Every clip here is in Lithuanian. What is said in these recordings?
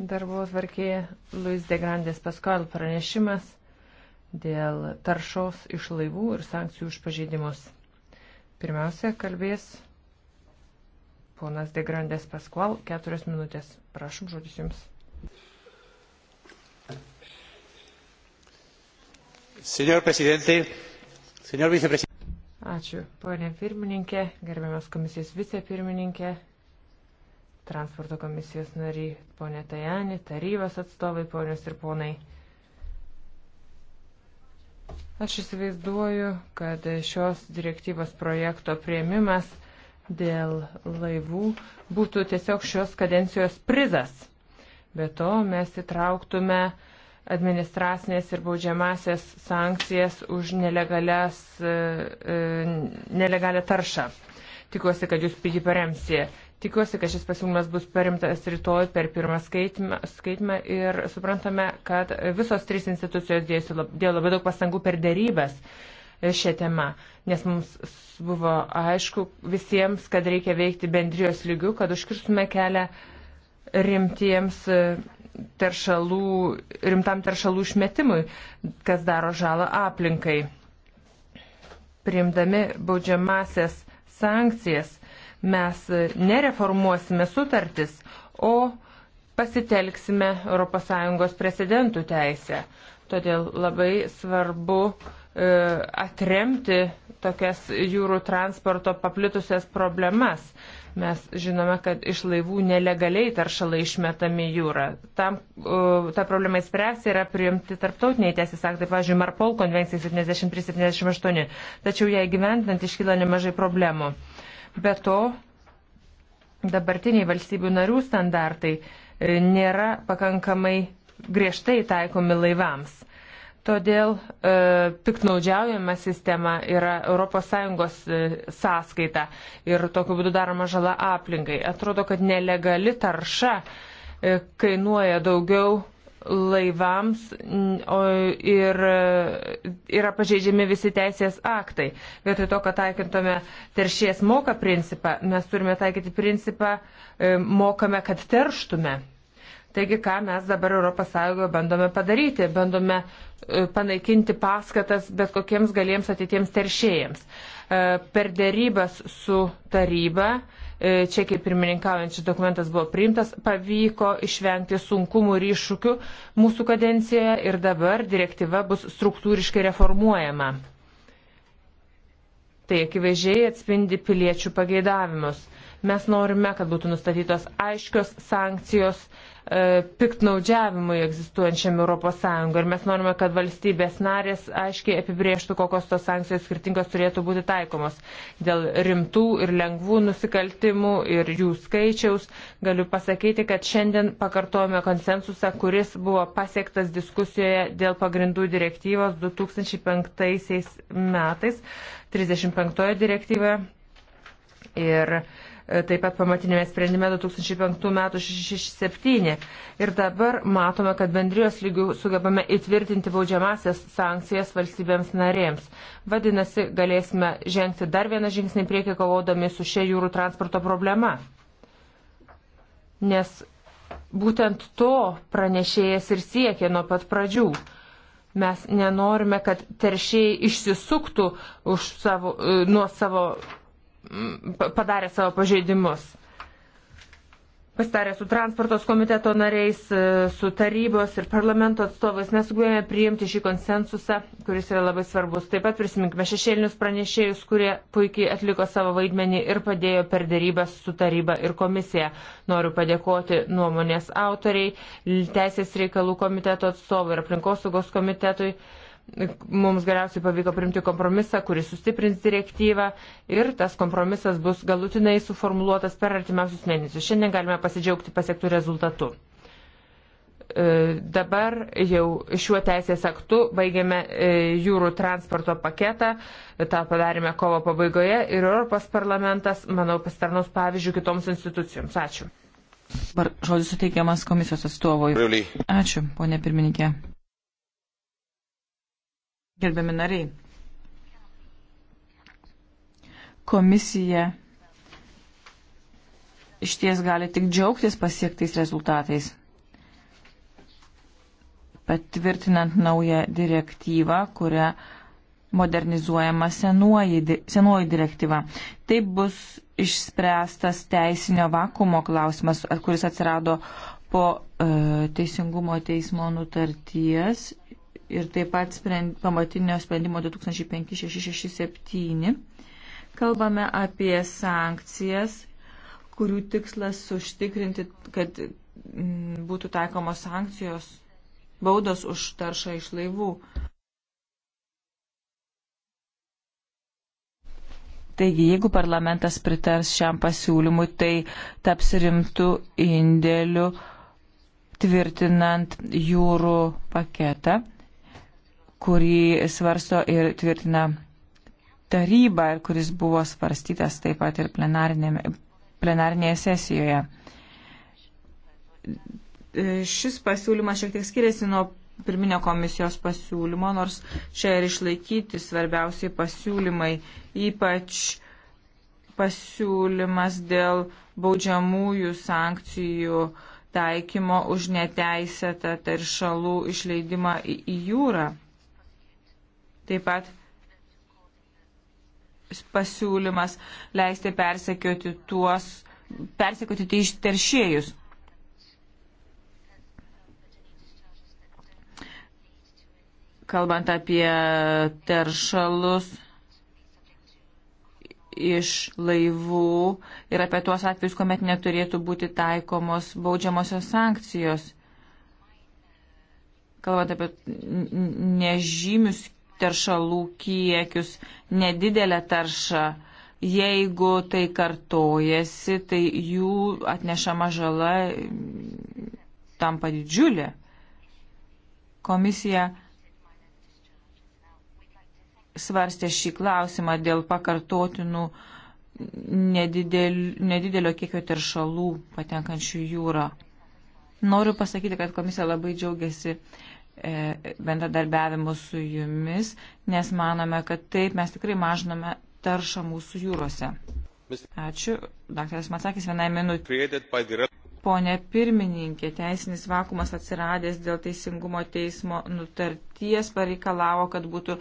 Darbo tvarkėje Luis de Grandes Pascal pranešimas dėl taršos iš laivų ir sankcijų už pažeidimus. Pirmiausia, kalbės ponas de Grandes Pascal, keturias minutės. Prašom, žodis jums. Señor presidente, señor vicepresidente. Ačiū, ponė pirmininkė, gerbiamas komisijos vicepirmininkė, transporto komisijos nariai, ponė Tajani, tarybos atstovai, ponios ir ponai. Aš įsivaizduoju, kad šios direktyvos projekto prieimimas dėl laivų būtų tiesiog šios kadencijos prizas. Be to mes įtrauktume administracinės ir baudžiamasias sankcijas už e, e, nelegalią taršą. Tikiuosi, kad jūs jį paremsite. Tikiuosi, kad šis pasiūlymas bus perimtas rytoj per pirmą skaitimą, skaitimą ir suprantame, kad visos trys institucijos dėjo labai daug pastangų per dėrybęs šią temą, nes mums buvo aišku visiems, kad reikia veikti bendrijos lygių, kad užkirstume kelią rimtiems e, teršalų, rimtam teršalų išmetimui, kas daro žalą aplinkai. Priimdami baudžiamasias sankcijas mes nereformuosime sutartis, o pasitelksime ES precedentų teisę. Todėl labai svarbu e, atremti tokias jūrų transporto paplitusias problemas. Mes žinome, kad iš laivų nelegaliai taršalai išmetami jūra. Tam, uh, ta problema įspręsti yra priimti tarptautiniai teisės aktai, pavyzdžiui, Marpol konvencija 73-78. Tačiau ją gyventant iškyla nemažai problemų. Uh, Be to, dabartiniai valstybių narių standartai e, nėra pakankamai griežtai taikomi laivams. Todėl e, piknaudžiaujama sistema yra ES e, sąskaita ir tokiu būdu daroma žala aplinkai. Atrodo, kad nelegali tarša e, kainuoja daugiau laivams ir yra pažeidžiami visi teisės aktai. Vietoj to, kad taikintume teršies moka principą, mes turime taikyti principą e, mokame, kad terštume. Taigi, ką mes dabar ES bandome padaryti? Bandome e, panaikinti paskatas bet kokiems galiems ateitiems teršėjams. E, per dėrybas su taryba E, čekiai pirmininkaujančių dokumentas buvo priimtas, pavyko išvengti sunkumų ir iššūkių mūsų kadencijoje ir dabar direktyva bus struktūriškai reformuojama. Tai akivaizdžiai atspindi piliečių pageidavimus. Mes norime, kad būtų nustatytos aiškios sankcijos e, piktnaudžiavimui egzistuojančiam ES. Ir mes norime, kad valstybės narės aiškiai apibrieštų, kokios tos sankcijos skirtingos turėtų būti taikomos. Dėl rimtų ir lengvų nusikaltimų ir jų skaičiaus galiu pasakyti, kad šiandien pakartojame konsensusą, kuris buvo pasiektas diskusijoje dėl pagrindų direktyvos 2005 metais, 35 direktyvoje. Ir E, taip pat pamatinėme sprendime 2005 metų 667. Ir dabar matome, kad bendrijos lygių sugebame įtvirtinti baudžiamasias sankcijas valstybėms narėms. Vadinasi, galėsime žengti dar vieną žingsnį priekį kovodami su šia jūrų transporto problema. Nes būtent to pranešėjas ir siekė nuo pat pradžių. Mes nenorime, kad teršėjai išsisuktų savo, e, nuo savo padarė savo pažeidimus. Pasitarė su transportos komiteto nariais, e, su tarybos ir parlamento atstovais nesugebėjome priimti šį konsensusą, kuris yra labai svarbus. Taip pat prisiminkime šešėlinius pranešėjus, kurie puikiai atliko savo vaidmenį ir padėjo per dėrybęs su taryba ir komisija. Noriu padėkoti nuomonės autoriai, Teisės reikalų komiteto atstovai ir aplinkosaugos komitetui. komitetui Mums galiausiai pavyko primti kompromisą, kuris sustiprins direktyvą ir tas kompromisas bus galutinai suformuluotas per artimiausius mėnesius. Šiandien galime pasidžiaugti pasiektų rezultatų e, dabar jau šiuo teisės aktu baigėme e, jūrų transporto paketą, tą padarėme kovo pabaigoje ir Europos parlamentas, manau, pasitarnaus pavyzdžių kitoms institucijoms. Ačiū. Bar, žodis suteikiamas komisijos atstovui. Ačiū, ponė pirmininkė. Gerbiami nariai, komisija iš ties gali tik džiaugtis pasiektais rezultatais. Patvirtinant naują direktyvą, kurią modernizuojama senuoji, senuoji direktyva. Taip bus išspręstas teisinio vakumo klausimas, kuris atsirado po e, Teisingumo teismo nutarties ir taip pat sprend, pamatinio sprendimo 2005-667. Kalbame apie sankcijas, kurių tikslas užtikrinti, kad mm, būtų taikomos sankcijos, baudos už taršą iš laivų. Taigi, jeigu parlamentas pritars šiam pasiūlymui, tai taps rimtų indėlių tvirtinant jūrų paketą kurį svarsto ir tvirtina taryba ir kuris buvo svarstytas taip pat ir plenarinėje sesijoje. Šis pasiūlymas šiek tiek skiriasi nuo pirminio komisijos pasiūlymo, nors čia ir išlaikyti svarbiausiai pasiūlymai, ypač pasiūlymas dėl baudžiamųjų sankcijų taikymo už neteisėtą teršalų išleidimą į, į jūrą. Taip pat pasiūlymas leisti persekioti tuos, persekioti tai išteršėjus. Kalbant apie teršalus iš laivų ir apie tuos atvejus, kuomet neturėtų būti taikomos baudžiamosios sankcijos. Kalbant apie nežymius teršalų kiekius, nedidelę taršą. Jeigu tai kartojasi, tai jų atnešama žala mm, tampa didžiulė. Komisija svarstė šį klausimą dėl pakartotinų nedidel, nedidelio kiekio teršalų patenkančių jūrą. Noriu pasakyti, kad komisija labai džiaugiasi uh, E, bendradarbiavimu su jumis, nes manome, kad taip mes tikrai mažiname taršą mūsų jūrose. Ačiū. Daktaras Matsakis, vienai minutė. Pone pirmininkė, teisinis vakumas atsiradęs dėl teisingumo teismo nutarties pareikalavo, kad būtų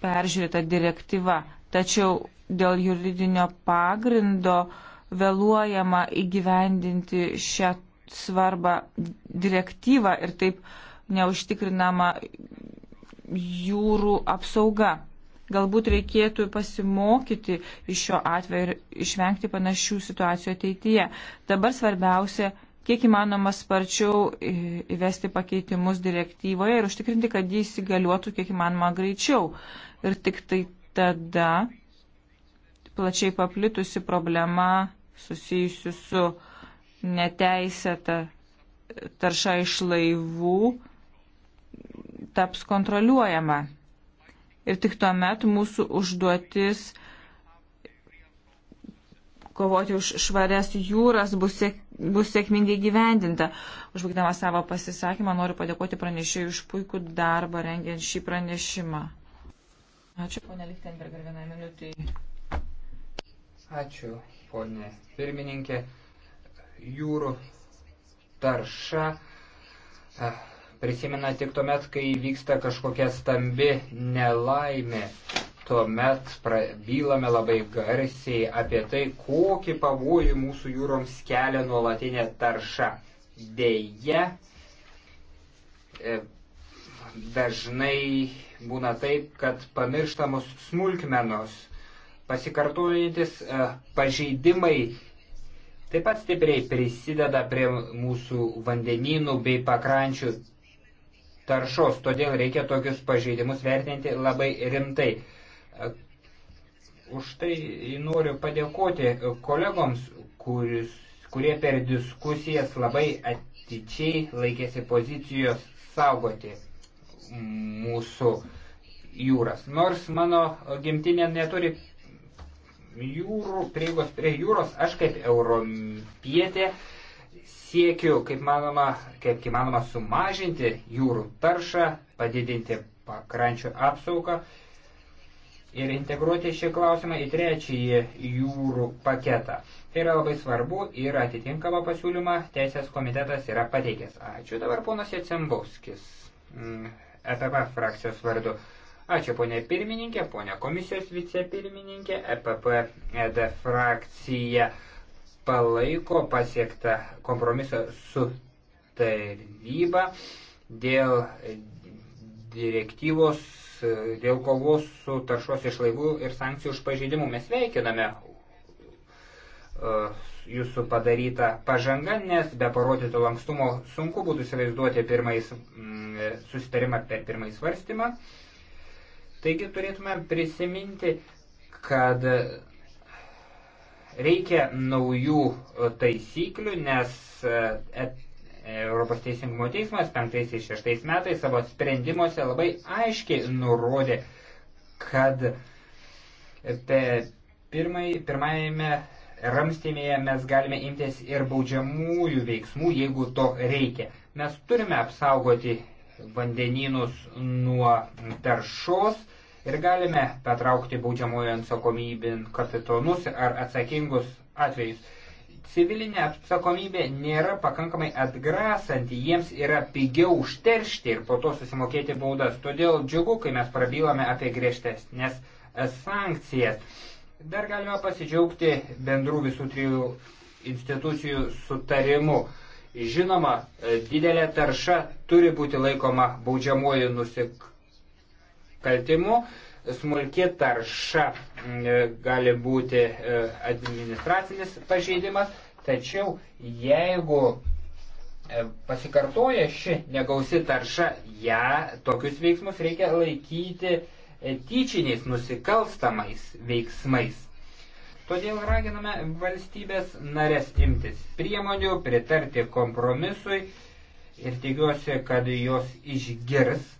peržiūrėta direktyva. Tačiau dėl juridinio pagrindo vėluojama įgyvendinti šią svarbą direktyvą ir taip uh, neužtikrinama jūrų apsauga. Galbūt reikėtų pasimokyti iš šio atveju ir išvengti panašių situacijų ateityje. Dabar svarbiausia, kiek įmanoma sparčiau įvesti pakeitimus direktyvoje ir užtikrinti, kad jis įgaliuotų kiek įmanoma greičiau. Ir tik tai tada plačiai paplitusi problema susijusi su neteisėta tarša iš laivų taps kontroliuojama. Ir tik tuomet mūsų užduotis kovoti už švarias jūras bus, sėk, bus sėkmingai gyvendinta. Užbaigdama savo pasisakymą noriu padėkoti pranešėjui už puikų darbą rengiant šį pranešimą. Ačiū, ponė Lichtenberger, vieną minutį. Ačiū, ponė pirmininkė. Jūrų tarša. Ah prisimena tik tuomet, kai vyksta kažkokia stambi nelaimė. Tuomet prabylame labai garsiai apie tai, kokį pavojų mūsų jūroms kelia nuolatinė tarša. Deja, e, dažnai būna taip, kad pamirštamos smulkmenos, pasikartojantis e, pažeidimai taip pat stipriai prisideda prie mūsų vandenynų bei pakrančių taršos, todėl reikia tokius pažeidimus vertinti labai rimtai. Už tai noriu padėkoti kolegoms, kuris, kurie per diskusijas labai atičiai laikėsi pozicijos saugoti mūsų jūras. Nors mano gimtinė neturi jūrų, prieigos prie jūros, aš kaip europietė siekiu, kaip manoma, kaip įmanoma sumažinti jūrų taršą, padidinti pakrančių apsaugą ir integruoti šį klausimą į trečiąjį jūrų paketą. Tai yra labai svarbu ir atitinkama pasiūlyma Teisės komitetas yra pateikęs. Ačiū dabar ponas Jacembauskis, mm, EPP frakcijos vardu. Ačiū ponė pirmininkė, ponė komisijos vicepirmininkė, EPP ED frakcija palaiko pasiektą kompromisą su taryba dėl direktyvos, dėl kovos su taršos iš laivų ir sankcijų už pažeidimų. Mes veikiname e, jūsų padaryta pažanga, nes be parodyto lankstumo sunku būtų įsivaizduoti pirmais, mm, e, susitarimą per pirmąjį svarstymą. Taigi turėtume prisiminti, kad Reikia naujų e, taisyklių, nes e, Europos Teisingumo teismas 5-6 metais savo sprendimuose labai aiškiai nurodė, kad pirmai, pirmajame ramstymėje mes galime imtis ir baudžiamųjų veiksmų, jeigu to reikia. Mes turime apsaugoti vandenynus nuo taršos, ir galime patraukti baudžiamojo atsakomybin kapitonus ar atsakingus atvejus. Civilinė atsakomybė nėra pakankamai atgrasanti, jiems yra pigiau užteršti ir po to susimokėti baudas. Todėl džiugu, kai mes prabylame apie griežtesnės sankcijas. Dar galima pasidžiaugti bendrų visų trijų institucijų sutarimu. Žinoma, didelė tarša turi būti laikoma baudžiamuoju nusikaltimu nusikaltimų. Smulki tarša mm, e, gali būti e, administracinis pažeidimas, tačiau jeigu e, pasikartoja ši negausi tarša, ją tokius veiksmus reikia laikyti tyčiniais nusikalstamais veiksmais. Todėl raginame valstybės narės imtis priemonių, pritarti kompromisui ir tikiuosi, kad jos išgirs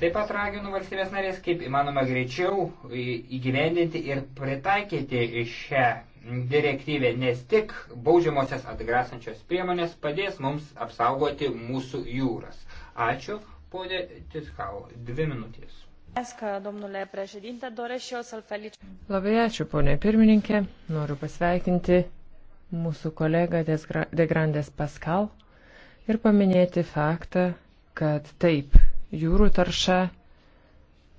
Taip pat raginu valstybės narės, kaip įmanoma greičiau įgyvendinti ir pritaikyti šią direktyvę, nes tik baudžiamosios atgrasančios priemonės padės mums apsaugoti mūsų jūras. Ačiū, ponė Titkau. Dvi minutės. Labai ačiū, ponė pirmininkė. Noriu pasveikinti mūsų kolegą De Grandes Pascal ir paminėti faktą, kad taip, jūrų tarša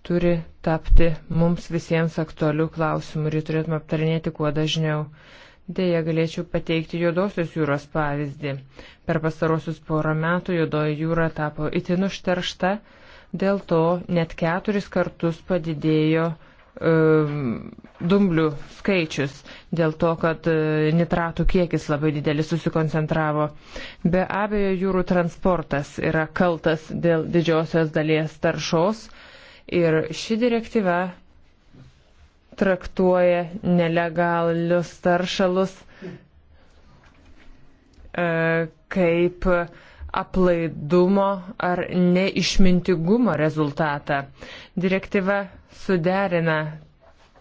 turi tapti mums visiems aktualių klausimų ir jį turėtume aptarinėti kuo dažniau. Deja, galėčiau pateikti Juodosios jūros pavyzdį. Per pastarosius porą metų Juodoji jūra tapo itin užteršta, dėl to net keturis kartus padidėjo Um, dumblių skaičius dėl to, kad uh, nitratų kiekis labai didelis susikoncentravo. Be abejo, jūrų transportas yra kaltas dėl didžiosios dalies taršos ir ši direktyva traktuoja nelegalius taršalus uh, kaip uh, aplaidumo ar neišmintigumo rezultatą. Direktyva suderina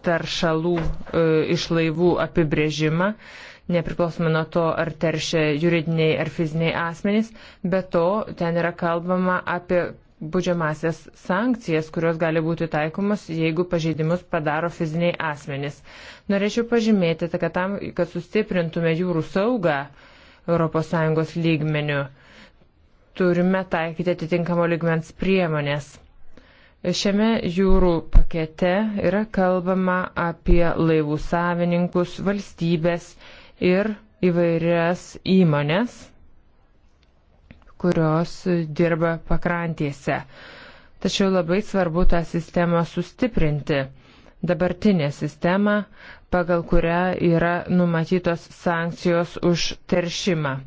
taršalų e, iš laivų apibrėžimą nepriklausomai nuo to, ar teršia juridiniai ar fiziniai asmenys, bet to ten yra kalbama apie būdžiamasias sankcijas, kurios gali būti taikomas, jeigu pažeidimus padaro fiziniai asmenys. Norėčiau pažymėti, kad tam, kad sustiprintume jūrų saugą ES lygmenių, turime taikyti atitinkamo ligmens priemonės. Šiame jūrų pakete yra kalbama apie laivų savininkus, valstybės ir įvairias įmonės, kurios dirba pakrantėse. Tačiau labai svarbu tą sistemą sustiprinti. Dabartinė sistema, pagal kurią yra numatytos sankcijos už teršimą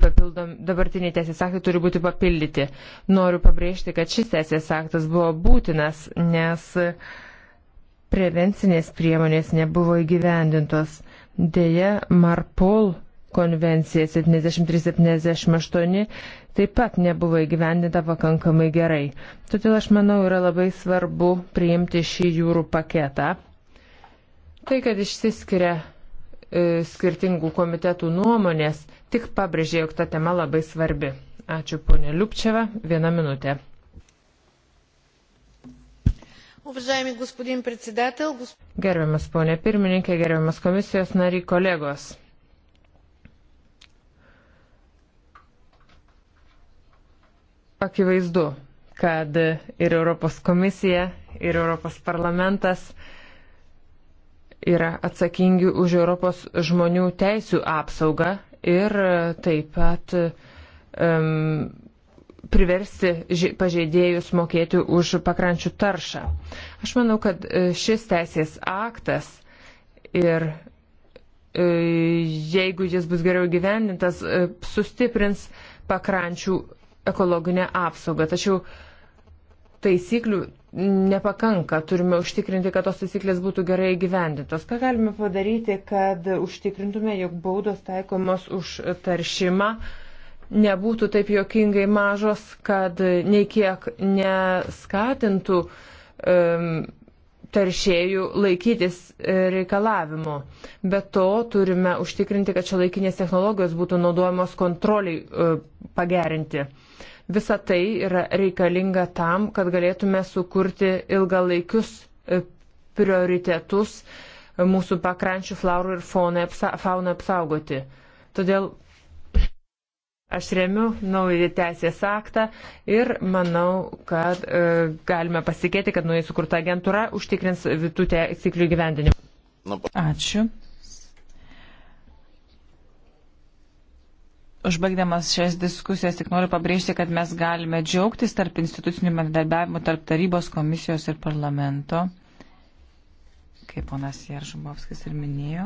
papildom, dabartiniai teisės aktai turi būti papildyti. Noriu pabrėžti, kad šis teisės aktas buvo būtinas, nes prevencinės priemonės nebuvo įgyvendintos. Deja, Marpol konvencija 73-78 taip pat nebuvo įgyvendinta pakankamai gerai. Todėl aš manau yra labai svarbu priimti šį jūrų paketą. Tai, kad išsiskiria E, skirtingų komitetų nuomonės tik pabrėžė, jog ta tema labai svarbi. Ačiū ponė Liupčeva, viena minutė. Gerbiamas ponė pirmininkė, gerbiamas komisijos nariai, kolegos. Akivaizdu, kad ir Europos komisija, ir Europos parlamentas uh, yra atsakingi už Europos žmonių teisų apsaugą ir e, taip pat um, priversti pažeidėjus mokėti už pakrančių taršą. Aš manau, kad e, šis teisės aktas ir e, jeigu jis bus geriau gyvendintas, sustiprins pakrančių ekologinę apsaugą. Tačiau uh, taisyklių nepakanka. Turime užtikrinti, kad tos taisyklės būtų gerai gyvendintos. Ką galime padaryti, kad užtikrintume, jog baudos taikomos už taršimą nebūtų taip jokingai mažos, kad nei kiek neskatintų um, taršėjų laikytis e, reikalavimo. Be to turime užtikrinti, kad šio laikinės technologijos būtų naudojamos kontroliai e, pagerinti. Visa tai yra reikalinga tam, kad galėtume sukurti ilgalaikius e, prioritetus e, mūsų pakrančių flaurų ir fauną apsaugoti. Todėl aš remiu naują teisės aktą ir manau, kad e, galime pasikėti, kad naujai sukurta agentūra užtikrins tų teisiklių gyvendinimą. Ačiū. Užbaigdamas šias diskusijas tik noriu pabrėžti, kad mes galime džiaugtis tarp institucinių bendradarbiavimų, tarp tarybos komisijos ir parlamento, kaip ponas Jaržumovskis ir minėjo.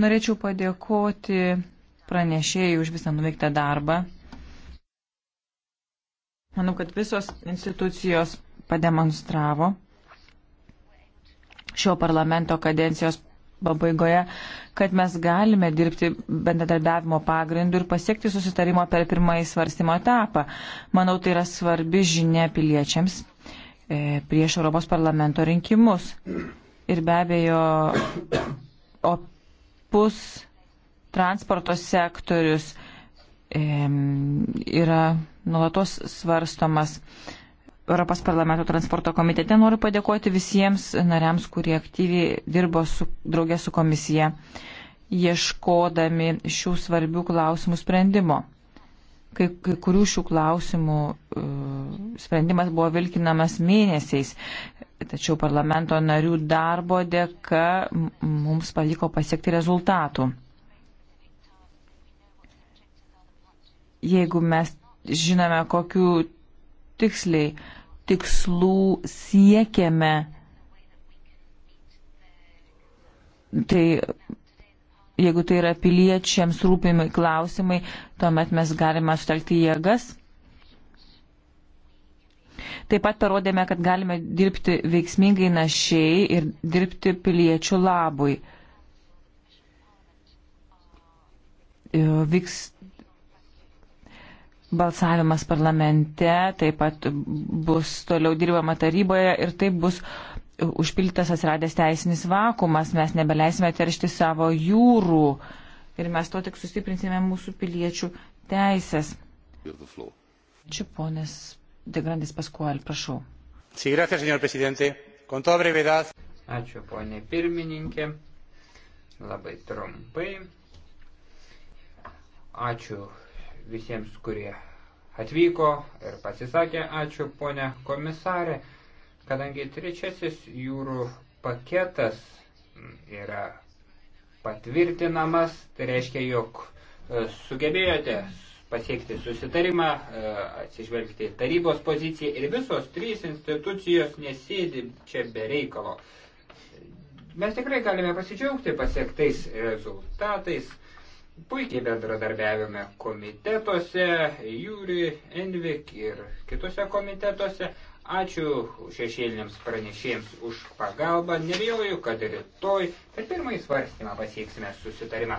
Norėčiau padėkoti pranešėjai už visą nuveiktą darbą. Manau, kad visos institucijos pademonstravo šio parlamento kadencijos pabaigoje, kad mes galime dirbti bendradarbiavimo pagrindu ir pasiekti susitarimo per pirmąjį svarstymo etapą. Manau, tai yra svarbi žinia piliečiams e, prieš Europos parlamento rinkimus. Ir be abejo, opus transporto sektorius e, yra nuolatos svarstomas. E, Europos parlamento transporto komitete. Noriu padėkoti visiems nariams, kurie aktyviai dirbo su, draugė su komisija, ieškodami šių svarbių klausimų sprendimo. Kai, kai kurių šių klausimų uh, sprendimas buvo vilkinamas mėnesiais, tačiau parlamento narių darbo dėka mums pavyko pasiekti rezultatų. Jeigu mes žinome, kokiu tiksliai tikslų siekiame, tai jeigu tai yra piliečiams rūpimai klausimai, tuomet mes galime sutelkti jėgas. Taip pat parodėme, kad galime dirbti veiksmingai našiai ir dirbti piliečių labui. Vyks balsavimas parlamente, taip pat bus toliau dirbama taryboje ir taip bus užpildytas atsiradęs teisinis vakumas, mes nebeleisime teršti savo jūrų ir mes to tik sustiprinsime mūsų piliečių teisės. Čia ponas Degrandis Paskual, prašau. Ačiū, ponė pirmininkė. Labai trumpai. Ačiū visiems, kurie atvyko ir pasisakė. Ačiū, ponė komisarė, kadangi trečiasis jūrų paketas yra patvirtinamas, tai reiškia, jog e, sugebėjote pasiekti susitarimą, e, atsižvelgti tarybos poziciją ir visos trys institucijos nesėdi čia be reikalo. Mes tikrai galime pasidžiaugti pasiektais rezultatais puikiai bendradarbiavime komitetuose, Jūri, Envik ir kitose komitetuose. Ačiū šešėliniams pranešėjams už pagalbą. Nebijoju, kad rytoj per pirmąjį svarstymą pasieksime susitarimą.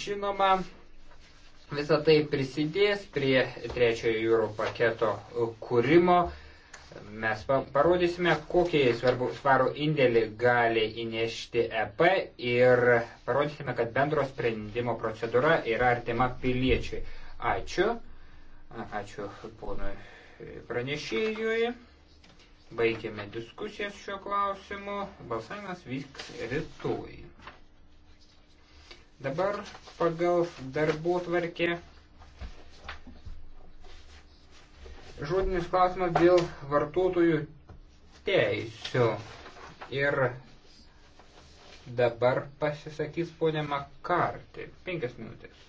Žinoma, visą tai prisidės prie trečiojo jūrų paketo kūrimo. Mes parodysime, kokį svarbu, svarų indėlį gali įnešti EP ir parodysime, kad bendro sprendimo procedūra yra artima piliečiui. Ačiū. Ačiū ponui pranešėjui. Baigėme diskusijas šiuo klausimu. Balsavimas vyks rytoj. Dabar pagal darbų tvarkė Žodinis klausimas dėl vartotojų teisių. Ir dabar pasisakys ponė Makartė. Penkias minutės.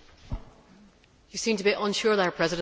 You seem to be unsure there, President.